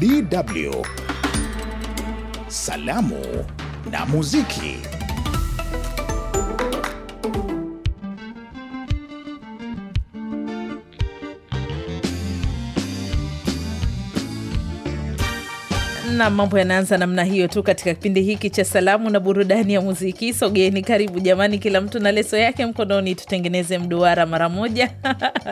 DW, salamu na muziki. sana. Mambo yanaanza namna hiyo tu katika kipindi hiki cha salamu na burudani ya muziki. Sogeni karibu jamani, kila mtu na leso yake mkononi, tutengeneze mduara mara moja.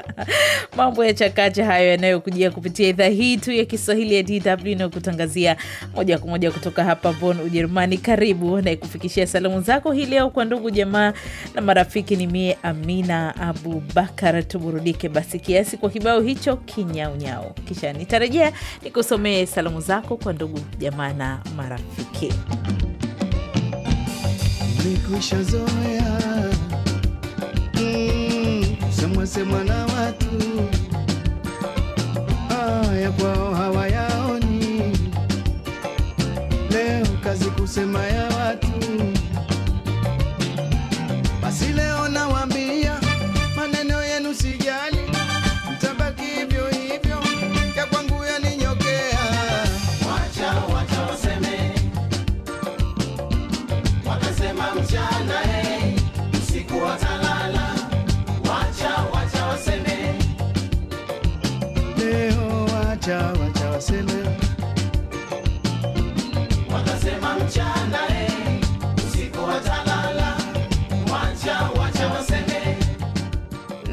Mambo ya chakacha hayo yanayokujia kupitia idhaa hii tu ya Kiswahili ya DW inayokutangazia moja kwa moja kutoka hapa Bonn, Ujerumani. Karibu naikufikishia salamu zako hii leo kwa ndugu jamaa na marafiki, ni mie Amina Abubakar. Tuburudike basi kiasi kwa kibao hicho kinyaunyao, kisha nitarejea nikusomee salamu zako kwa ndugu ndugu jamaa na marafiki. Nimekwisha zoea mm, na watu ah, ya kwao hawayaoni. Leo kazi kusema ya watu, basi leo na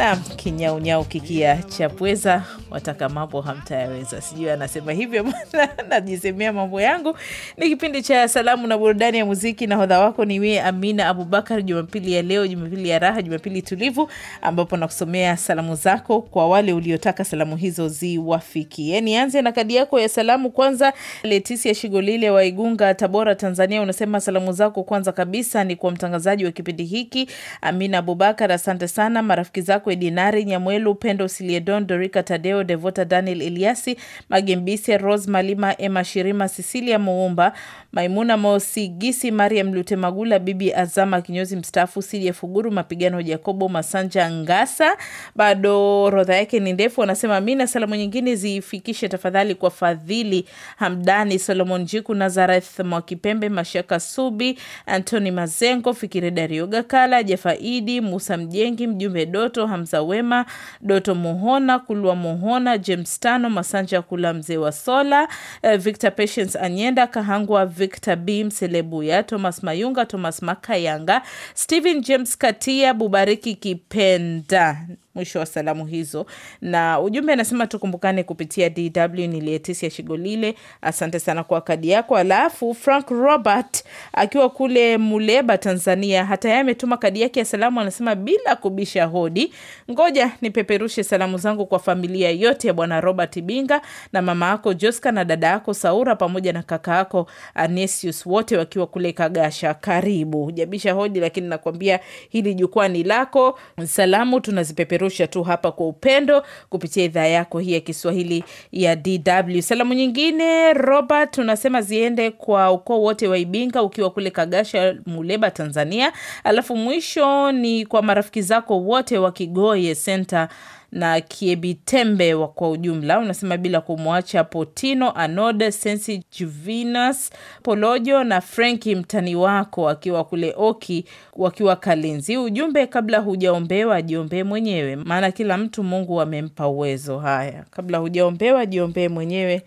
na kinyaunyau kikia pweza wataka mambo hamtayaweza. Sijui anasema hivyo najisemea mambo yangu. Ni kipindi cha salamu na burudani ya muziki, na hodha wako ni mie Amina Abubakar. Jumapili ya leo, Jumapili ya raha, Jumapili tulivu, ambapo nakusomea salamu zako kwa wale uliotaka salamu hizo ziwafikie. Nianze na kadi yako ya salamu. Kwanza Letisia Shigolile wa Igunga, Tabora, Tanzania, unasema salamu zako kwanza kabisa ni kwa mtangazaji wa kipindi hiki Amina Abubakar, asante sana. Marafiki zako Edinari Nyamwelu, Pendo Siliedon, Dorika Tadeo Mapendo, Devota Daniel Eliasi, Magembise, Rose Malima, Emma Shirima, Sisilia Muumba, Maimuna Mosigisi, Mariam Lute Magula, Bibi Azama kinyozi mstaafu, Sidia Fuguru, Mapigano Jacobo Masanja Ngasa. Bado rodha yake ni ndefu, wanasema mi na salamu nyingine zifikishe tafadhali kwa Fadhili Hamdani, Solomon Jiku, Nazareth Mwakipembe, Mashaka Subi, Antoni Mazengo, Fikire Dario Gakala, Jafaidi Musa Mjengi, Mjumbe Doto, Hamza Wema, Doto Muhona Kulwa Mohona Muhona, James Tano, Masanja Kula, mzee wa Sola, eh, Victor Patience Anyenda Kahangwa, Victor B Mselebuya, Thomas Mayunga, Thomas Makayanga, Stephen James Katia, Bubariki Kipenda. Mwisho wa salamu hizo, na ujumbe anasema tukumbukane kupitia DW. niliyetisia Leticia Shigolile, asante sana kwa kadi yako. Alafu Frank Robert akiwa kule Muleba, Tanzania, hata yeye ametuma kadi yake ya salamu, anasema bila kubisha hodi, ngoja nipeperushe salamu zangu kwa familia yote ya Bwana Robert Binga na mama ako Joska na dada yako Saura pamoja na kaka ako Anesius, wote wakiwa kule Kagasha. Karibu, hujabisha hodi, lakini nakwambia hili jukwaa ni lako. Salamu tunazipeperusha tunapeperusha tu hapa kwa upendo kupitia idhaa yako hii ya Kiswahili ya DW. Salamu nyingine Robert, unasema ziende kwa ukoo wote wa Ibinga ukiwa kule Kagasha, Muleba, Tanzania. Alafu mwisho ni kwa marafiki zako wote wa Kigoye Center na Kiebitembe kwa ujumla unasema bila kumwacha Potino, Anode, Sensi, juvinas Polojo na Frenki mtani wako akiwa kule Oki wakiwa Kalinzi. Ujumbe, kabla hujaombewa jiombee mwenyewe, maana kila mtu Mungu amempa uwezo. Haya, kabla hujaombewa jiombee mwenyewe,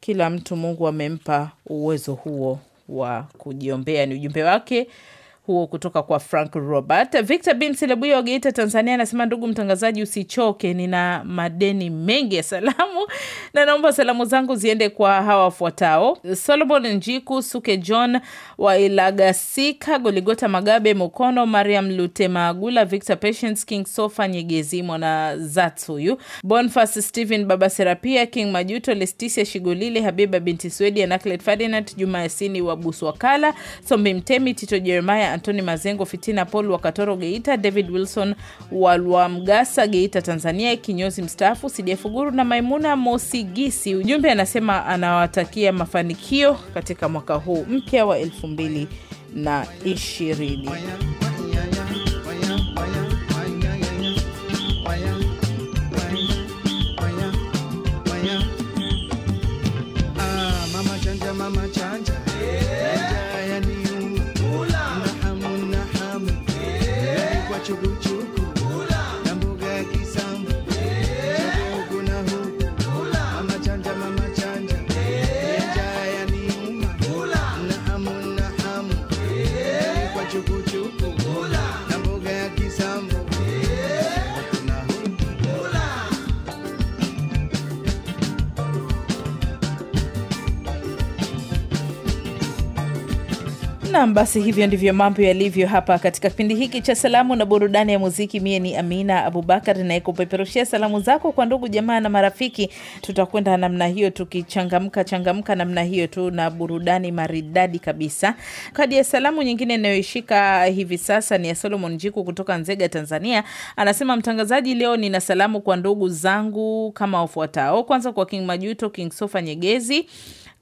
kila mtu Mungu amempa uwezo huo wa kujiombea. Ni ujumbe wake huo kutoka kwa Frank Robert. Victor bin Silebuya wa Geita, Tanzania anasema, ndugu mtangazaji, usichoke, nina madeni mengi ya salamu na naomba salamu zangu ziende kwa hawa wafuatao: Solomon Njiku, Suke John wa Ilagasika, Goligota Magabe, Mukono Mariam, Lutema Agula, Victor Patience, King Sofa Nyegezi, Mwana zat huyu Bonfas Stephen, babaserapia King Majuto, Lestisia Shigulile, Habiba binti Swedi, Anaclet Ferdinand, Juma Yasini wa Buswakala, Sombi Mtemi, Tito Jeremiah Antoni Mazengo, Fitina Paul wakatoro Geita, David Wilson walwamgasa Geita Tanzania, kinyozi mstaafu CDF Guru na Maimuna Mosigisi. Ujumbe anasema anawatakia mafanikio katika mwaka huu mpya wa 220 basi hivyo ndivyo mambo yalivyo hapa katika kipindi hiki cha salamu na burudani ya muziki. Mie ni Amina Abubakar nayekupeperushia salamu zako kwa ndugu jamaa na marafiki. Tutakwenda namna hiyo tukichangamka changamka namna hiyo tu na burudani maridadi kabisa. Kadi ya salamu nyingine inayoishika hivi sasa ni ya Solomon Jiku kutoka Nzega, Tanzania. Anasema, mtangazaji, leo nina salamu kwa ndugu zangu kama wafuatao. Kwanza kwa King Majuto, King Sofa Nyegezi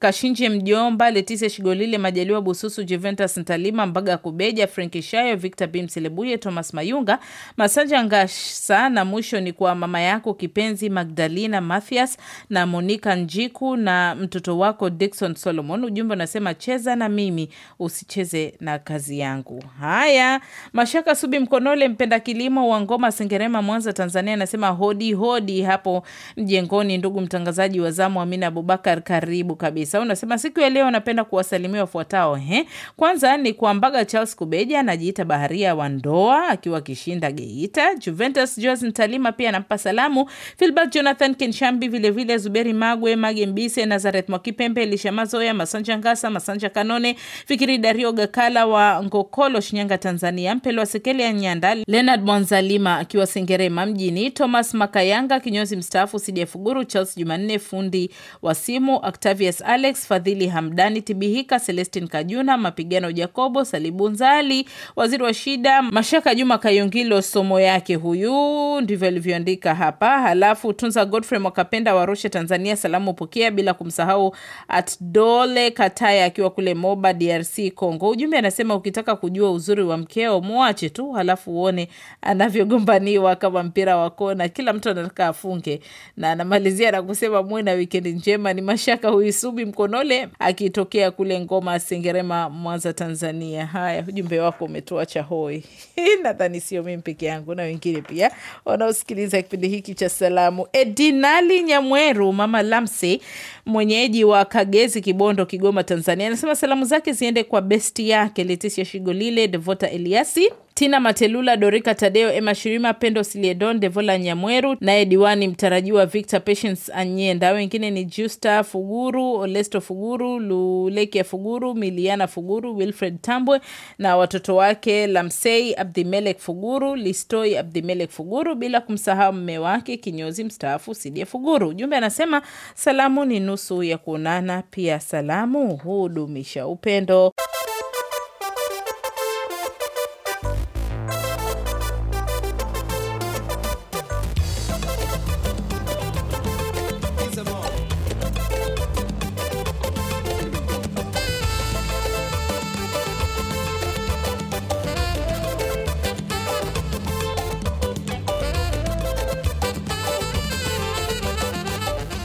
Kashinje Mjomba, Letisia Shigolile, Majaliwa Bususu, Juventus Ntalima, Mbaga Kubeja, Frank Shayo, Victor Bimselebuye, Thomas Mayunga, Masanja Ngasa na mwisho ni kwa mama yako kipenzi Magdalena Mathias na Monika Njiku na mtoto wako Dickson Solomon. Ujumbe unasema cheza na mimi usicheze na kazi yangu. Haya, Mashaka Subi Mkonole, mpenda kilimo wa Ngoma, Sengerema, Mwanza, Tanzania, anasema hodi hodi hapo mjengoni, ndugu mtangazaji wa zamu. Amina Abubakar, karibu kabisa kabisa. Unasema siku ya leo napenda kuwasalimia wafuatao. Ehe, kwanza ni kwa Mbaga Charles Kubeja, anajiita baharia wa ndoa, akiwa Kishinda Geita. Juventus Joas Ntalima pia anampa salamu Filbert Jonathan Kenshambi, vilevile Zuberi Magwe, Mage Mbise, Nazareth Mwakipembe, Elisha Masanja Ngasa, Masanja Kanone, Fikiri Dario Gakala wa Ngokolo, Shinyanga, Tanzania, Mpelwa Sekele ya Nyanda, Leonard Mwanzalima akiwa Sengerema mjini, Thomas Makayanga kinyozi mstaafu, CDF Charles Jumanne fundi wa simu, Octavius Alex Fadhili Hamdani Tibihika, Celestin Kajuna, Mapigano Jacobo, nzali Waziri wa Shida, Mashaka Juma Kayungilo, somo yake huyu, ndivyo alivyoandika hapa. Halafu Tunza Godfrey Mwakapenda wa Arusha, Tanzania, salamu pokea, bila kumsahau at Dole Kataya akiwa kule Moba, DRC Congo. Ujumbe anasema ukitaka kujua uzuri wa mkeo muache tu, halafu uone anavyogombaniwa kama mpira wa kona, kila mtu anataka afunge. Na anamalizia na kusema mwe na wikendi njema. Ni Mashaka huyu Subi Mchimbi Mkonole akitokea kule Ngoma Sengerema, Mwanza, Tanzania. Haya, ujumbe wako umetuacha hoi. Nadhani sio mimi peke yangu na wengine pia wanaosikiliza kipindi hiki cha salamu. Edinali Nyamweru, mama Lamsi, mwenyeji wa Kagezi, Kibondo, Kigoma, Tanzania, anasema salamu zake ziende kwa besti yake Letisia Shigolile, Devota Eliasi Tina Matelula, Dorika Tadeo, Emma Shirima, Pendo Siliedon, Devola Nyamweru, naye diwani mtarajiwa Victor Patience Anyenda. Wengine ni Justa Fuguru, Olesto Fuguru, Lulekia Fuguru, Miliana Fuguru, Wilfred Tambwe na watoto wake Lamsei Abdimelek Fuguru, Listoi Abdimelek Fuguru, bila kumsahau mme wake kinyozi mstaafu Sidia Fuguru. Ujumbe anasema salamu ni nusu ya kuonana, pia salamu hudumisha upendo.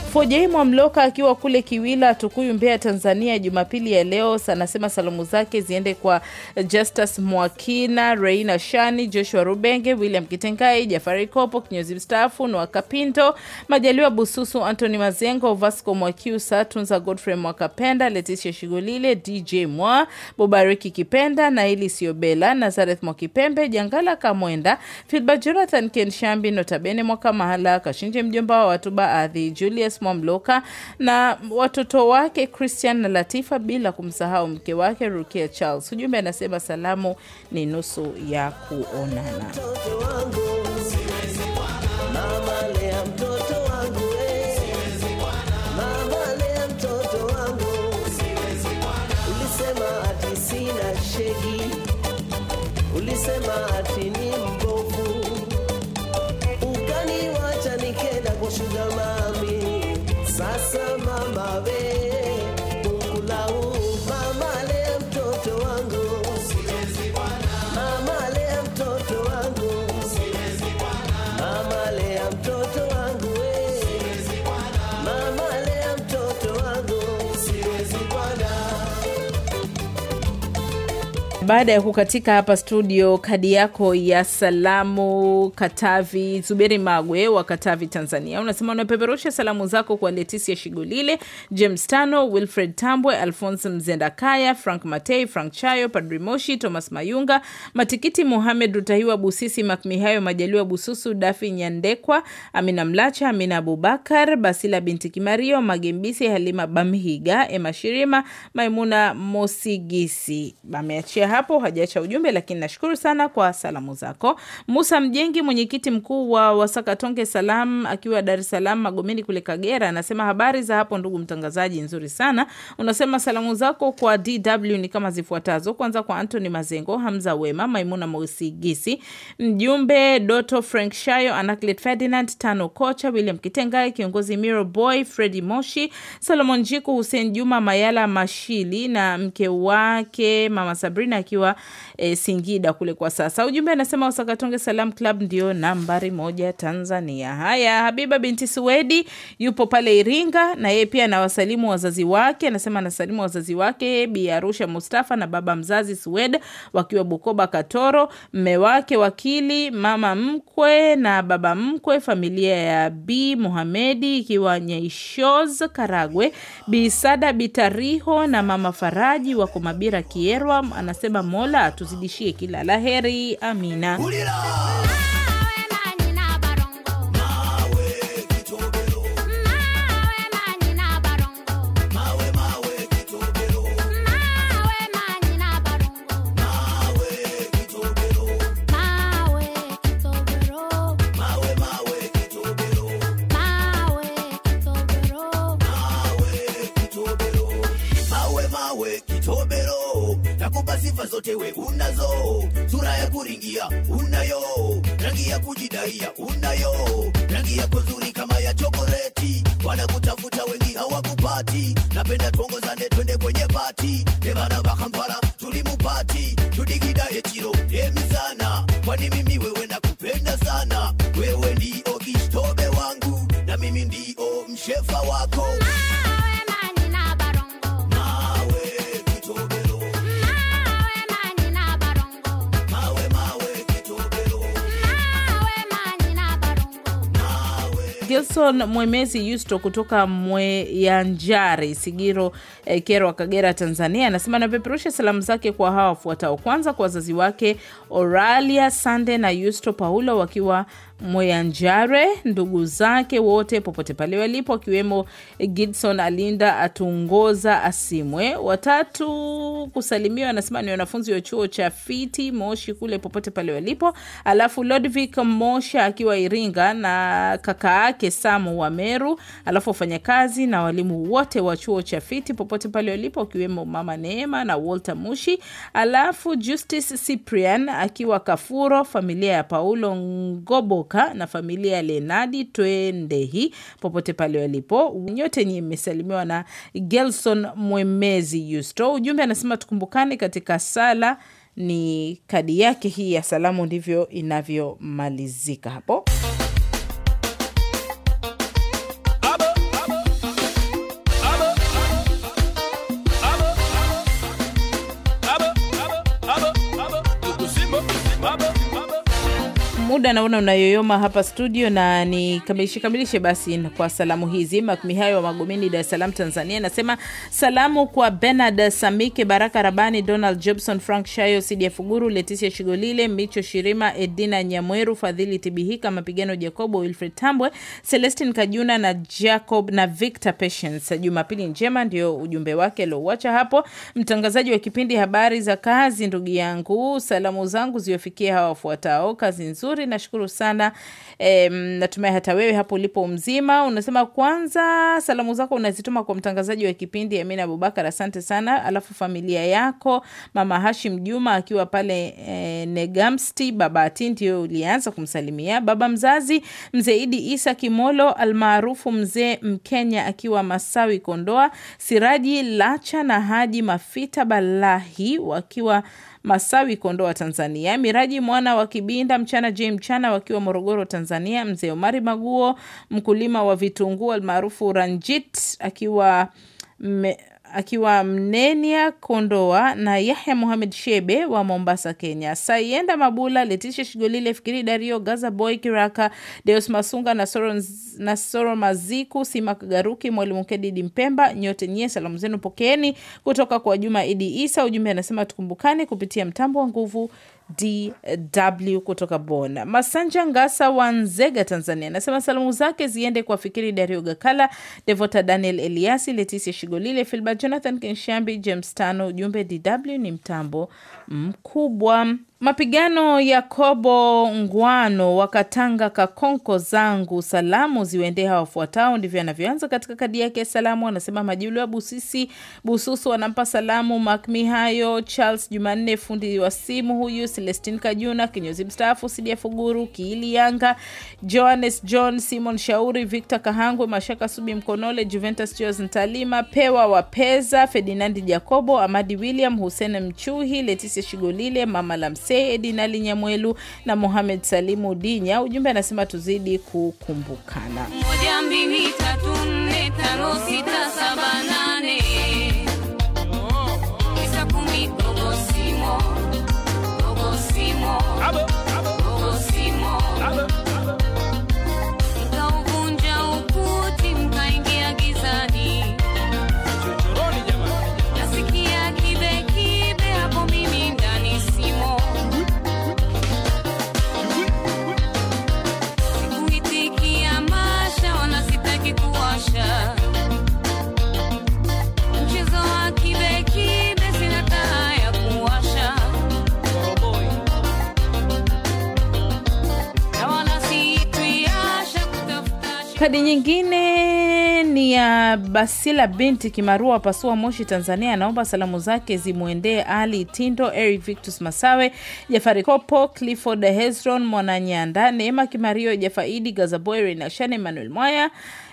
Fojei Mwamloka akiwa kule Kiwila, Tukuyu, Mbeya, Tanzania, Jumapili ya leo anasema salamu zake ziende kwa Justus Mwakina, Reina Shani, Joshua Rubenge, William Kitengai, Jafari Kopo, kinyozi mstaafu, Noa Kapinto, Majaliwa Bususu, Antony Mazengo, Vasco Mwakiusa, Tunza Godfrey Mwakapenda, Leticia Shigulile, DJ Mwa, Bubariki Kipenda, Naili Siobela, Nazareth Mwakipembe, Jangala Kamwenda, Filba Jonathan Kenshambi, Notabene Mwakamahala, Kashinje mjomba wa watu baadhi, Julius Thomas Mwamloka na watoto wake Christian na Latifa, bila kumsahau mke wake Rukia Charles. Ujumbe anasema salamu ni nusu ya kuonana. Ulisema ati baada ya kukatika hapa studio, kadi yako ya salamu Katavi. Zuberi Magwe wa Katavi, Tanzania, unasema unapeperusha salamu zako kwa Letisia Shigulile, James Tano, Wilfred Tambwe, alfons Mzendakaya, Frank Matei, Frank Chayo, Padri Moshi, Thomas Mayunga, Matikiti, Muhamed Rutahiwa, Busisi Makmihayo, Majaliwa Bususu, Dafi Nyandekwa, Amina Mlacha, Amina Abubakar, Basila binti Kimario, Magembisi, Halima Bamhiga, emashirima Shirima, Maimuna Mosigisi. Ameachia hapo hajaacha ujumbe, lakini nashukuru sana kwa salamu zako. Musa Mjengi, mwenyekiti mkuu wa Wasakatonge Salam, akiwa Dar es Salaam Magomeni kule Kagera, anasema habari za hapo ndugu mtangazaji, nzuri sana. Unasema salamu zako kwa DW ni kama zifuatazo: kwanza kwa Anthony Mazengo, Hamza Wema, Maimuna Mosigisi, mjumbe Doto Frank Shayo, Anaclet Ferdinand Tano, kocha William Kitengai, kiongozi Miro Boy, Fredi Moshi, salomon Jiku, Hussein Juma Mayala Mashili na mke wake mama Sabrina akiwa e, eh, Singida kule kwa sasa. Ujumbe anasema Wasakatonge Salam Club ndio nambari moja Tanzania. Haya, Habiba binti Suwedi yupo pale Iringa na yeye pia anawasalimu wazazi wake, anasema anasalimu wazazi wake Bi Arusha Mustafa na baba mzazi Suwed wakiwa Bukoba Katoro, mme wake wakili, mama mkwe na baba mkwe, familia ya Bi Muhamedi ikiwa Nyaishoz Karagwe, Bi Sada Bitariho na mama Faraji wako Mabira Kierwa anasema tunasema Mola tuzidishie kila laheri. Amina. Ulila! zote we unazo, sura ya kuringia unayo, rangi ya kujidaia unayo, rangi ya kuzuri kama ya wana Wanakutafuta wengi hawakupati, napenda tuongozane, twende kwenye pati devana vakampala tulimupati tudigida emi sana kwani mimi wewe nakupenda sana, wewe ndio kistobe wangu na mimi ndio mshefa wako ah! Wilson Mwemezi Yusto kutoka Mweyanjari, Sigiro, eh, Kerwa, Kagera, Tanzania, anasema anapeperusha salamu zake kwa hawa wafuatao. Kwanza kwa wazazi wake Oralia Sande na Yusto Paulo wakiwa Moyanjare, ndugu zake wote popote pale walipo, akiwemo Gidson Alinda Atungoza Asimwe. Watatu kusalimiwa, anasema ni wanafunzi wa chuo cha Fiti Moshi kule popote pale walipo. Alafu Lodvik Mosha akiwa Iringa na kaka yake Samu wa Meru, alafu wafanyakazi na walimu wote wa chuo cha Fiti popote pale walipo, akiwemo mama Neema na Walter Mushi. Alafu Justice Cyprian akiwa Kafuro, familia ya Paulo Ngobo Moka na familia ya Lenadi Twendehi popote pale walipo. Nyote nyinyi mmesalimiwa na Gelson Mwemezi Yusto. Ujumbe anasema tukumbukane katika sala, ni kadi yake hii ya salamu, ndivyo inavyomalizika hapo. muda naona unayoyoma hapa studio, na nikamilishe kamilishe basi kwa salamu hizi. Makumi hayo wa magomini Dar es Salaam, Tanzania, nasema salamu kwa benard Samike, Baraka Rabani, Donald Jobson, Frank Shayo, Sidia Fuguru, Leticia Shigolile, Micho Shirima, Edina Nyamweru, Fadhili Tibihika, Mapigano Jacobo, Wilfred Tambwe, Celestin Kajuna na Jacob na Victor Patience. Jumapili njema, ndio ujumbe wake aliouacha hapo mtangazaji wa kipindi habari za kazi. Ndugu yangu, salamu zangu ziwafikie hawa wafuatao: kazi nzuri nashukuru sana e, natumai hata wewe hapo ulipo mzima. Unasema kwanza salamu zako unazituma kwa mtangazaji wa kipindi Amina Abubakar, asante sana, alafu familia yako mama Hashim Juma akiwa pale e, Negamsti, baba Ati ndio ulianza kumsalimia, baba mzazi mzee Idi Isa Kimolo almaarufu mzee Mkenya akiwa Masawi Kondoa, Siraji Lacha na Haji Mafita Balahi wakiwa Masawi, Kondoa, Tanzania; Miraji Mwana wa Kibinda, Mchana Jim Mchana wakiwa Morogoro, Tanzania; Mzee Omari Maguo, mkulima wa vitunguu almaarufu Ranjit akiwa me, akiwa Mnenia Kondoa na Yahya Muhamed Shebe wa Mombasa, Kenya, saienda Mabula, Letisha Shigolile, Fikiri Dario, Gaza Boy, Kiraka Deus Masunga na Soro, na Soro Maziku, Sima Kagaruki, Mwalimu Kedidi Mpemba, nyote nyie, salamu zenu pokeeni kutoka kwa Juma Idi Isa. Ujumbe anasema tukumbukane kupitia mtambo wa nguvu DW kutoka Bona. Masanja Ngasa wa Nzega, Tanzania, anasema salamu zake ziende kwa Fikiri Dario Gakala, Devota Daniel Eliasi, Letisia Shigolile, Filba Jonathan Kenshambi, James Tano. Ujumbe DW ni mtambo mkubwa. Mapigano ya Kobo Ngwano wa Katanga Kakonko zangu salamu ziwaendee hawa wafuatao, ndivyo anavyoanza katika kadi yake ya salamu. Anasema Majuli wa Busisi Bususu wanampa salamu hayo Charles Jumanne fundi wa simu huyu, Celestin Kajuna kinyozi mstaafu, Sidia Fuguru Kiili Yanga, Johannes John Simon Shauri, Victor Kahangwe, Mashaka Subi Mkonole, Juventus Jos Ntalima, Pewa Wapeza, Ferdinandi Jacobo, Amadi William, Hussein Mchuhi, Letisia Shigolile, Mama Lamsi Said na Nyamwelu na Mohamed Salimu Dinya. Ujumbe anasema tuzidi kukumbukana. Moja, mbili, tatu. Kadi nyingine ni ya Basila binti Kimarua, Pasua, Moshi, Tanzania. Anaomba salamu zake zimwendee Ali Tindo, eri Victus Masawe, Jafari Kopo, Clifford Hezron, Mwananyanda, Neema Kimario, Jafaidi Gazaboy, shane Emmanuel Mwaya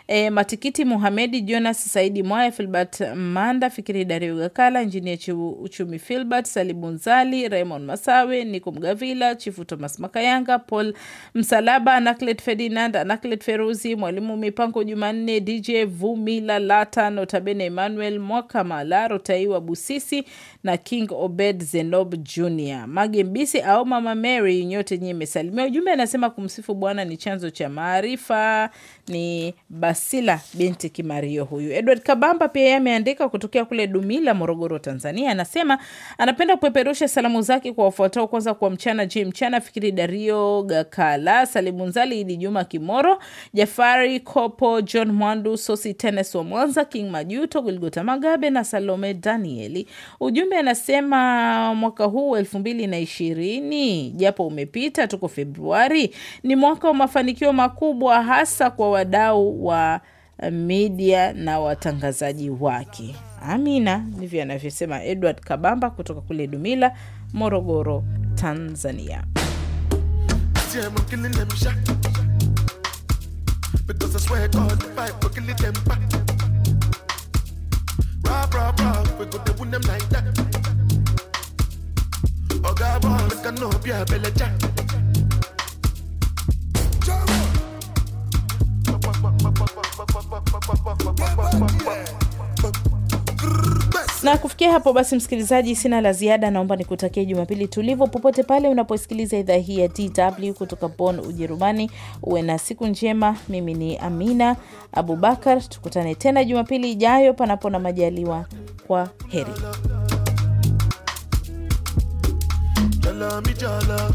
E, Matikiti Muhamedi, Jonas Saidi Mwaya, Filbert Manda, Fikiri Dario Gakala, Injinia Uchumi Filbert, Salibunzali, Raymond Masawe, Niko Mgavila, Chifu Thomas Makayanga, Paul Msalaba, Anaclet Ferdinand, Anaclet Feruzi, Mwalimu Mipango Jumanne, DJ Vumila Lata, Notabene Emmanuel Mwaka Malaro, Taiwa Busisi na King Obed Zenob Jr. magembisi Mbisi au Mama Mary, nyote nyie mesalimia. Ujumbe anasema kumsifu Bwana ni chanzo cha maarifa ni Basila binti Kimario huyu. Edward Kabamba pia ameandika kutokea kule Dumila, Morogoro, Tanzania. Anasema anapenda kupeperusha salamu zake kwa wafuatao, kwanza kwa mchana J Mchana, Fikiri Dario Gakala, Salimu Nzali, Idi Juma Kimoro, Jafari Kopo, John Mwandu, Sosi Tenes wa Mwanza, King Majuto, Gilgota Magabe na Salome Danieli. Ujumbe anasema mwaka huu elfu mbili na ishirini japo umepita, tuko Februari, ni mwaka wa mafanikio makubwa hasa kwa wadau wa eh, media na watangazaji wake. Amina, ndivyo anavyosema Edward Kabamba kutoka kule Dumila, Morogoro, Tanzania. na kufikia hapo basi, msikilizaji, sina la ziada. Naomba nikutakie Jumapili tulivo popote pale unaposikiliza idhaa hii ya DW kutoka bon Ujerumani. Uwe na siku njema. Mimi ni Amina Abubakar, tukutane tena Jumapili ijayo, panapo na majaliwa. Kwa heri. Jala,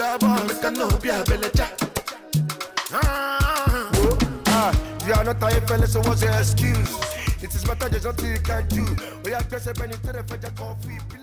i ah, ah, ah. are not a so excuse? It is better there's what you can do. We are just a penny to the coffee.